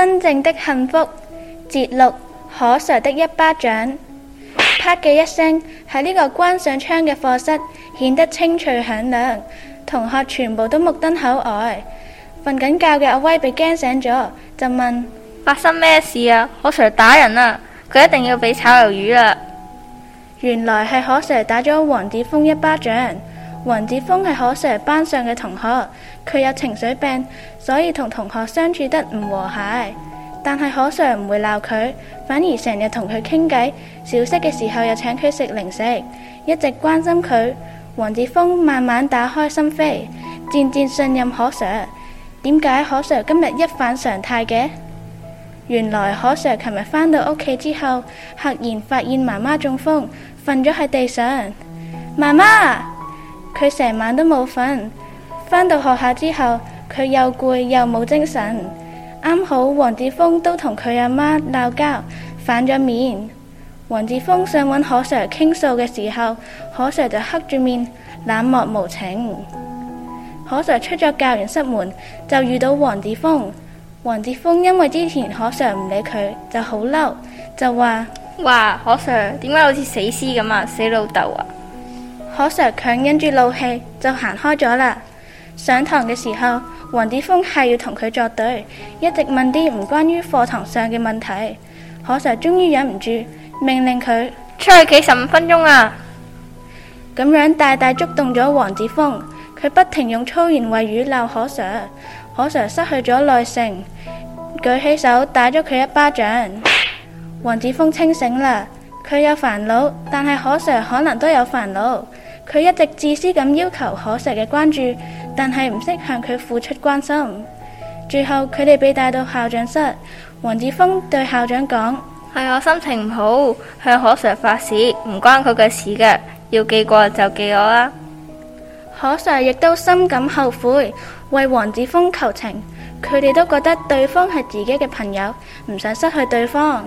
真正的幸福。節錄何 Sir 的一巴掌，啪嘅一聲喺呢個關上窗嘅課室顯得清脆響亮，同學全部都目瞪口呆。瞓緊覺嘅阿威被驚醒咗，就問：發生咩事啊？何 Sir 打人啊，佢一定要俾炒魷魚啦。原來係何 Sir 打咗王子峰一巴掌。黃子峰係何 Sir 班上嘅同學，佢有情緒病，所以同同學相處得唔和諧。但係何 Sir 唔會鬧佢，反而成日同佢傾偈，小息嘅時候又請佢食零食，一直關心佢。黃子峰慢慢打開心扉，漸漸信任何 Sir。點解何 Sir 今日一反常態嘅？原來何 Sir 琴日返到屋企之後，赫然發現媽媽中風，瞓咗喺地上。媽媽。佢成晚都冇瞓，翻到學校之後佢又攰又冇精神。啱好黃智峰都同佢阿媽鬧交，反咗面。黃智峰想揾何 Sir 傾訴嘅時候，何 Sir 就黑住面，冷漠無情。何 Sir 出咗教員室門，就遇到黃智峰。黃智峰因為之前何 Sir 唔理佢，就好嬲，就話：哇！何 Sir 點解好似死屍咁啊？死老豆啊！何 Sir 強忍住怒氣，就行開咗啦。上堂嘅時候，黃子峰係要同佢作對，一直問啲唔關於課堂上嘅問題。何 Sir 終於忍唔住，命令佢出去企十五分鐘啊！咁樣大大觸動咗黃子峰，佢不停用粗言穢語鬧何 Sir，何 Sir 失去咗耐性，舉起手打咗佢一巴掌。黃子峰清醒啦。佢有煩惱，但係何 Sir 可能都有煩惱。佢一直自私咁要求何 Sir 嘅關注，但係唔識向佢付出關心。最後佢哋被帶到校長室，黃子峰對校長講：係我心情唔好，向何 Sir 發洩，唔關佢嘅事㗎，要記過就記我啦。何 Sir 亦都深感後悔，為黃子峰求情。佢哋都覺得對方係自己嘅朋友，唔想失去對方。